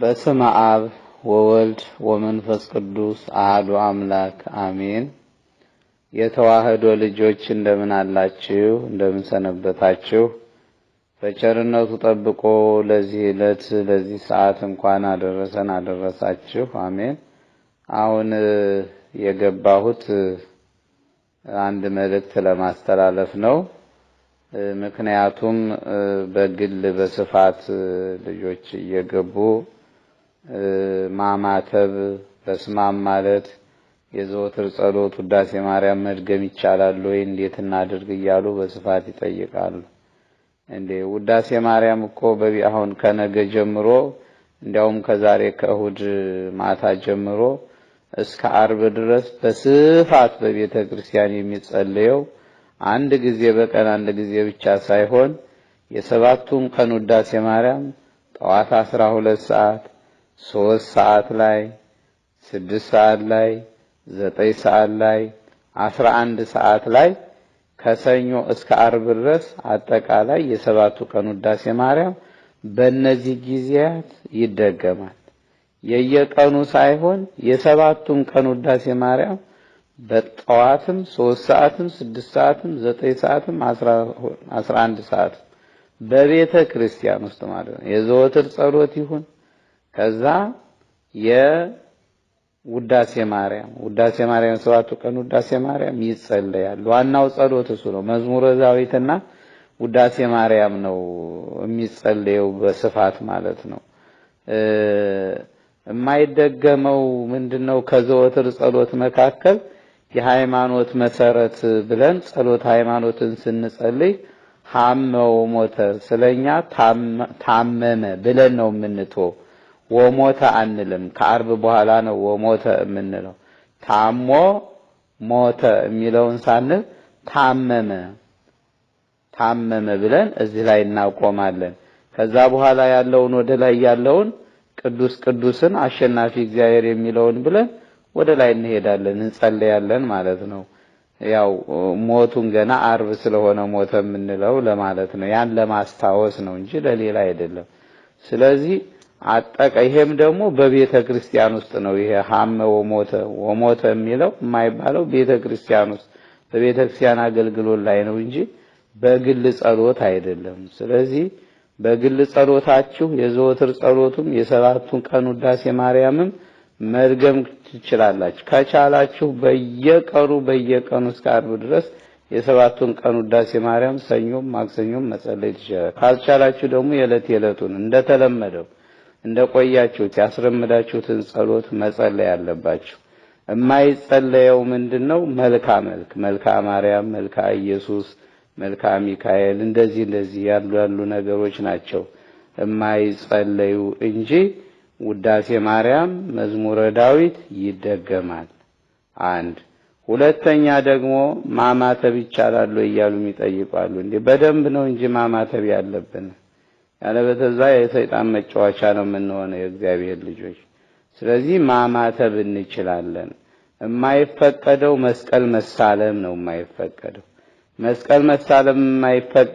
በስመ አብ ወወልድ ወመንፈስ ቅዱስ አህዱ አምላክ አሜን። የተዋህዶ ልጆች እንደምን አላችሁ? እንደምን ሰነበታችሁ? በቸርነቱ ጠብቆ ለዚህ ዕለት ለዚህ ሰዓት እንኳን አደረሰን አደረሳችሁ። አሜን። አሁን የገባሁት አንድ መልእክት ለማስተላለፍ ነው። ምክንያቱም በግል በስፋት ልጆች እየገቡ ማማተብ በስማም ማለት የዘወትር ጸሎት ውዳሴ ማርያም መድገም ይቻላል ወይ እንዴት እናድርግ እያሉ በስፋት ይጠይቃሉ። እንዴ ውዳሴ ማርያም እኮ አሁን ከነገ ጀምሮ እንዲያውም ከዛሬ ከእሁድ ማታ ጀምሮ እስከ አርብ ድረስ በስፋት በቤተ ክርስቲያን የሚጸለየው አንድ ጊዜ በቀን አንድ ጊዜ ብቻ ሳይሆን የሰባቱን ቀን ውዳሴ ማርያም ጠዋት አስራ ሁለት ሰዓት ሶስት ሰዓት ላይ ስድስት ሰዓት ላይ ዘጠኝ ሰዓት ላይ አስራ አንድ ሰዓት ላይ ከሰኞ እስከ አርብ ድረስ አጠቃላይ የሰባቱ ቀን ውዳሴ ማርያም በእነዚህ ጊዜያት ይደገማል። የየቀኑ ሳይሆን የሰባቱም ቀን ውዳሴ ማርያም በጠዋትም ሶስት ሰዓትም ስድስት ሰዓትም ዘጠኝ ሰዓትም አስራ አንድ ሰዓትም በቤተ ክርስቲያን ውስጥ ማለት ነው። የዘወትር ጸሎት ይሁን ከዛ የውዳሴ ማርያም ውዳሴ ማርያም ሰባቱ ቀን ውዳሴ ማርያም ይጸለያል። ዋናው ጸሎት እሱ ነው። መዝሙረ ዳዊትና ውዳሴ ማርያም ነው የሚጸለየው በስፋት ማለት ነው። የማይደገመው ምንድነው? ከዘወትር ጸሎት መካከል የሃይማኖት መሰረት ብለን ጸሎት ሃይማኖትን ስንጸልይ ሐመው ሞተ ስለኛ ታመመ ብለን ነው የምንትወው። ወሞተ አንልም። ከአርብ በኋላ ነው ወሞተ የምንለው። ታሞ ሞተ የሚለውን ሳንል ታመመ ታመመ ብለን እዚህ ላይ እናቆማለን። ከዛ በኋላ ያለውን ወደ ላይ ያለውን ቅዱስ ቅዱስን አሸናፊ እግዚአብሔር የሚለውን ብለን ወደ ላይ እንሄዳለን እንጸለያለን ማለት ነው። ያው ሞቱን ገና አርብ ስለሆነ ሞተ የምንለው ለማለት ነው። ያን ለማስታወስ ነው እንጂ ለሌላ አይደለም። ስለዚህ አጠቀ። ይሄም ደግሞ በቤተ ክርስቲያን ውስጥ ነው። ይሄ ሐመ ወሞተ ወሞተ የሚለው የማይባለው ቤተ ክርስቲያን ውስጥ በቤተ ክርስቲያን አገልግሎት ላይ ነው እንጂ በግል ጸሎት አይደለም። ስለዚህ በግል ጸሎታችሁ የዘወትር ጸሎቱም የሰባቱን ቀን ውዳሴ ማርያምም መድገም ትችላላችሁ። ከቻላችሁ በየቀኑ በየቀኑ እስከ አርብ ድረስ የሰባቱን ቀን ውዳሴ ማርያም ሰኞም ማክሰኞም መጸለይ ትችላላችሁ። ካልቻላችሁ ደግሞ የዕለት የዕለቱን እንደተለመደው እንደ ቆያችሁት ያስረምዳችሁትን ጸሎት መጸለይ አለባችሁ። የማይጸለየው ምንድን ነው? መልካ መልክ መልካ ማርያም፣ መልካ ኢየሱስ፣ መልካ ሚካኤል እንደዚህ እንደዚህ ያሉ ያሉ ነገሮች ናቸው የማይጸለዩ እንጂ ውዳሴ ማርያም፣ መዝሙረ ዳዊት ይደገማል። አንድ ሁለተኛ ደግሞ ማማተብ ይቻላሉ እያሉ የሚጠይቋሉ። እንዴ በደንብ ነው እንጂ ማማተብ ያለብን ያለበተዛ የሰይጣን መጫወቻ ነው የምንሆነው የእግዚአብሔር ልጆች። ስለዚህ ማማተብ እንችላለን። የማይፈቀደው መስቀል መሳለም ነው። የማይፈቀደው መስቀል መሳለም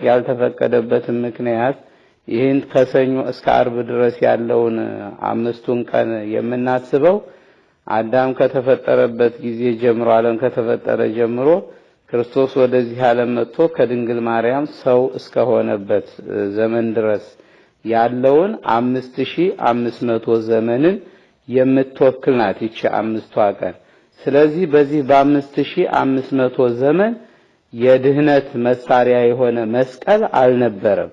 ያልተፈቀደበትን ምክንያት ይህን ከሰኞ እስከ አርብ ድረስ ያለውን አምስቱን ቀን የምናስበው አዳም ከተፈጠረበት ጊዜ ጀምሮ ዓለም ከተፈጠረ ጀምሮ ክርስቶስ ወደዚህ ዓለም መጥቶ ከድንግል ማርያም ሰው እስከሆነበት ዘመን ድረስ ያለውን አምስት ሺህ አምስት መቶ ዘመንን የምትወክል ናት ይቺ አምስቷ ቀን። ስለዚህ በዚህ በአምስት ሺህ አምስት መቶ ዘመን የድህነት መሳሪያ የሆነ መስቀል አልነበረም።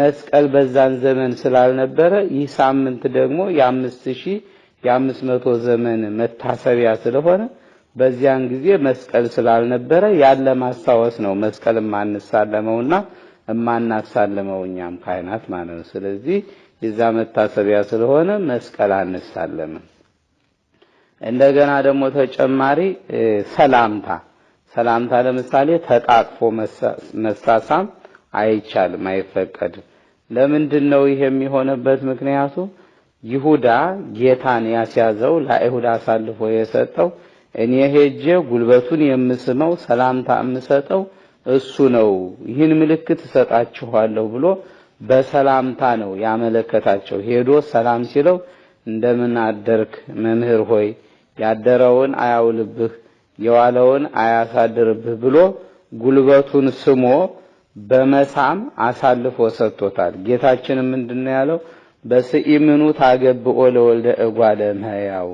መስቀል በዛን ዘመን ስላልነበረ ይህ ሳምንት ደግሞ የአምስት ሺህ የአምስት መቶ ዘመን መታሰቢያ ስለሆነ በዚያን ጊዜ መስቀል ስላልነበረ ያለ ማስታወስ ነው መስቀል የማንሳለመውና የማናሳልመው እኛም ካህናት ማለት ነው። ስለዚህ የዛ መታሰቢያ ስለሆነ መስቀል አንሳለምም። እንደገና ደግሞ ተጨማሪ ሰላምታ ሰላምታ ለምሳሌ ተጣቅፎ መሳሳም አይቻልም፣ አይፈቀድም። ለምንድን ነው ይሄ የሚሆንበት ምክንያቱ? ይሁዳ ጌታን ያስያዘው ለአይሁድ አሳልፎ የሰጠው እኔ ሄጄ ጉልበቱን የምስመው ሰላምታ የምሰጠው እሱ ነው። ይህን ምልክት እሰጣችኋለሁ ብሎ በሰላምታ ነው ያመለከታቸው። ሄዶ ሰላም ሲለው እንደምን አደርክ መምህር ሆይ ያደረውን አያውልብህ የዋለውን አያሳድርብህ ብሎ ጉልበቱን ስሞ በመሳም አሳልፎ ሰጥቶታል። ጌታችንም ምንድነው ያለው? በስኢምኑ ታገብኦ ለወልደ እጓለ እመሕያው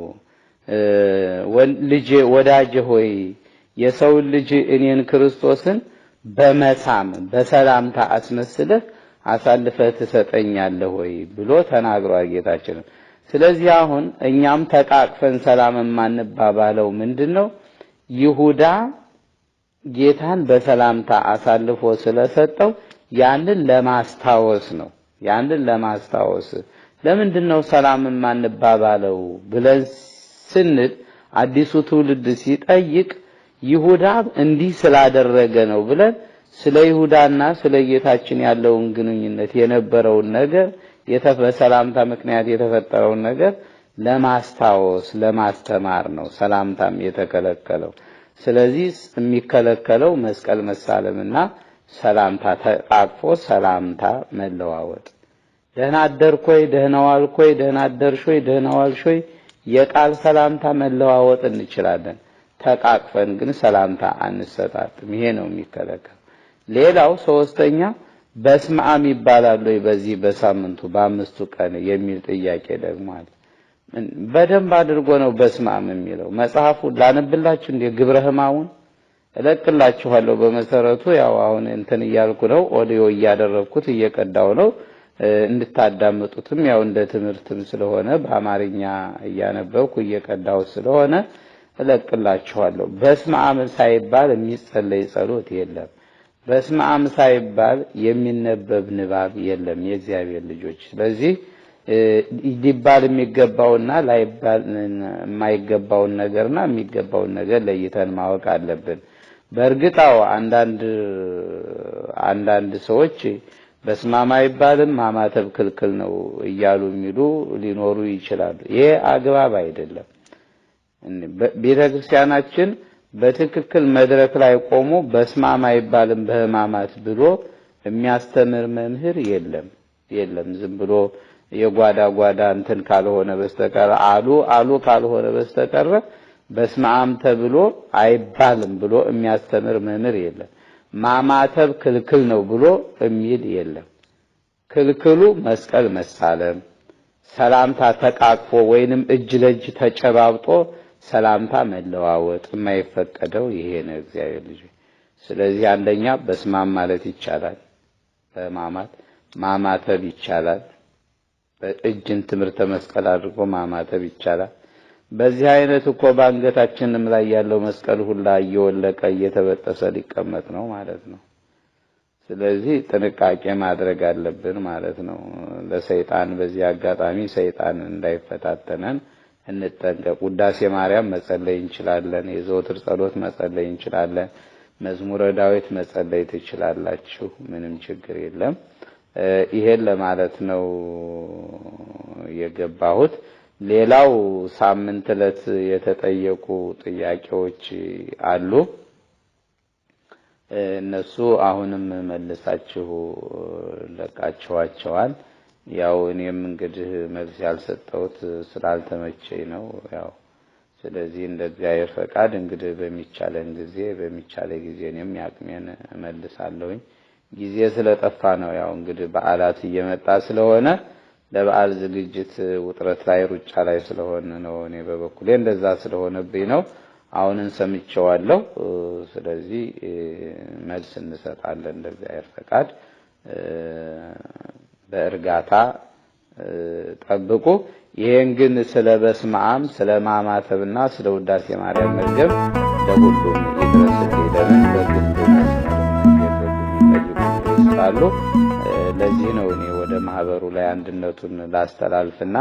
ልጄ ወዳጄ ሆይ የሰው ልጅ እኔን ክርስቶስን በመሳም በሰላምታ አስመስልህ አሳልፈህ ትሰጠኛለህ ወይ ብሎ ተናግሯል ጌታችን። ስለዚህ አሁን እኛም ተቃቅፈን ሰላም የማንባባለው ምንድን ነው? ይሁዳ ጌታን በሰላምታ አሳልፎ ስለሰጠው ያንን ለማስታወስ ነው። ያንን ለማስታወስ ለምንድን ነው ሰላም የማንባባለው ብለን ስንል አዲሱ ትውልድ ሲጠይቅ ይሁዳም እንዲህ ስላደረገ ነው ብለን ስለ ይሁዳና ስለ ጌታችን ያለውን ግንኙነት የነበረውን ነገር በሰላምታ ምክንያት የተፈጠረውን ነገር ለማስታወስ ለማስተማር ነው ሰላምታም የተከለከለው። ስለዚህ የሚከለከለው መስቀል መሳለምና ሰላምታ ተቃቅፎ ሰላምታ መለዋወጥ፣ ደህና አደርኮይ፣ ደህና ዋልኮይ፣ ደህና አደርሾይ፣ ደህና ዋልሾይ የቃል ሰላምታ መለዋወጥ እንችላለን። ተቃቅፈን ግን ሰላምታ አንሰጣጥም። ይሄ ነው የሚከለከል። ሌላው ሶስተኛ በስመ አብ ይባላል ወይ በዚህ በሳምንቱ በአምስቱ ቀን የሚል ጥያቄ ደግሞ አለ። በደንብ አድርጎ ነው በስመ አብ የሚለው መጽሐፉ ላነብላችሁ እንደ ግብረ ሕማሙን እለቅላችኋለሁ። በመሰረቱ ያው አሁን እንትን እያልኩ ነው፣ ኦዲዮ እያደረግኩት እየቀዳው ነው። እንድታዳምጡትም ያው እንደ ትምህርትም ስለሆነ በአማርኛ እያነበብኩ እየቀዳው ስለሆነ እለቅላችኋለሁ። በስመ አብ ሳይባል የሚጸለይ ጸሎት የለም። በስመ አብ ሳይባል የሚነበብ ንባብ የለም የእግዚአብሔር ልጆች። ስለዚህ ሊባል የሚገባውና ላይባል የማይገባውን ነገርና የሚገባውን ነገር ለይተን ማወቅ አለብን። በእርግጣው አንዳንድ አንዳንድ ሰዎች በስማማ አይባልም ማማተብ ክልክል ነው እያሉ የሚሉ ሊኖሩ ይችላሉ። ይሄ አግባብ አይደለም። ቤተ ክርስቲያናችን በትክክል መድረክ ላይ ቆሞ በስማማ አይባልም በህማማት ብሎ የሚያስተምር መምህር የለም የለም። ዝም ብሎ የጓዳ ጓዳ እንትን ካልሆነ በስተቀር አሉ አሉ ካልሆነ በስተቀር በስማም ተብሎ አይባልም ብሎ የሚያስተምር መምህር የለም። ማማተብ ክልክል ነው ብሎ የሚል የለም። ክልክሉ መስቀል መሳለም፣ ሰላምታ ተቃቅፎ ወይንም እጅ ለእጅ ተጨባብጦ ሰላምታ መለዋወጥ የማይፈቀደው ይሄ ነው። እግዚአብሔር ልጅ ስለዚህ አንደኛ በስማም ማለት ይቻላል። በማማት ማማተብ ይቻላል። እጅን ትምህርተ መስቀል አድርጎ ማማተብ ይቻላል። በዚህ አይነት እኮ በአንገታችንም ላይ ያለው መስቀል ሁላ እየወለቀ እየተበጠሰ ሊቀመጥ ነው ማለት ነው። ስለዚህ ጥንቃቄ ማድረግ አለብን ማለት ነው። ለሰይጣን በዚህ አጋጣሚ ሰይጣን እንዳይፈታተነን እንጠንቀቅ። ውዳሴ ማርያም መጸለይ እንችላለን። የዘወትር ጸሎት መጸለይ እንችላለን። መዝሙረ ዳዊት መጸለይ ትችላላችሁ። ምንም ችግር የለም። ይሄን ለማለት ነው የገባሁት። ሌላው ሳምንት ዕለት የተጠየቁ ጥያቄዎች አሉ። እነሱ አሁንም መልሳችሁ ለቃችኋቸዋል። ያው እኔም እንግዲህ መልስ ያልሰጠሁት ስላልተመቸኝ ነው። ያው ስለዚህ እንደ እግዚአብሔር ፈቃድ እንግዲህ በሚቻለን ጊዜ በሚቻለ ጊዜ እኔም ያቅሜን እመልሳለሁኝ። ጊዜ ስለጠፋ ነው። ያው እንግዲህ በዓላት እየመጣ ስለሆነ ለበዓል ዝግጅት ውጥረት ላይ ሩጫ ላይ ስለሆነ ነው። እኔ በበኩሌ እንደዛ ስለሆነብኝ ነው። አሁንን ሰምቼዋለሁ። ስለዚህ መልስ እንሰጣለን እንደ እግዚአብሔር ፈቃድ። በእርጋታ ጠብቁ። ይሄን ግን ስለ በስመ አብ ስለ ማማተብና ስለ ውዳሴ ማርያም መዝገብ ለሁሉም ይድረስ። ይደረስ በግል መስመር ስለዚህ ነው እኔ ወደ ማህበሩ ላይ አንድነቱን ላስተላልፍና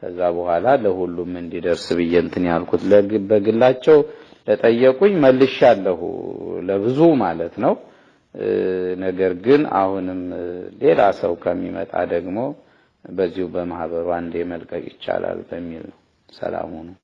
ከዛ በኋላ ለሁሉም እንዲደርስ ብዬ እንትን ያልኩት። በግላቸው ለጠየቁኝ መልሻለሁ፣ ለብዙ ማለት ነው። ነገር ግን አሁንም ሌላ ሰው ከሚመጣ ደግሞ በዚሁ በማህበሩ አንዴ መልቀቅ ይቻላል በሚል ነው። ሰላሙ ነው።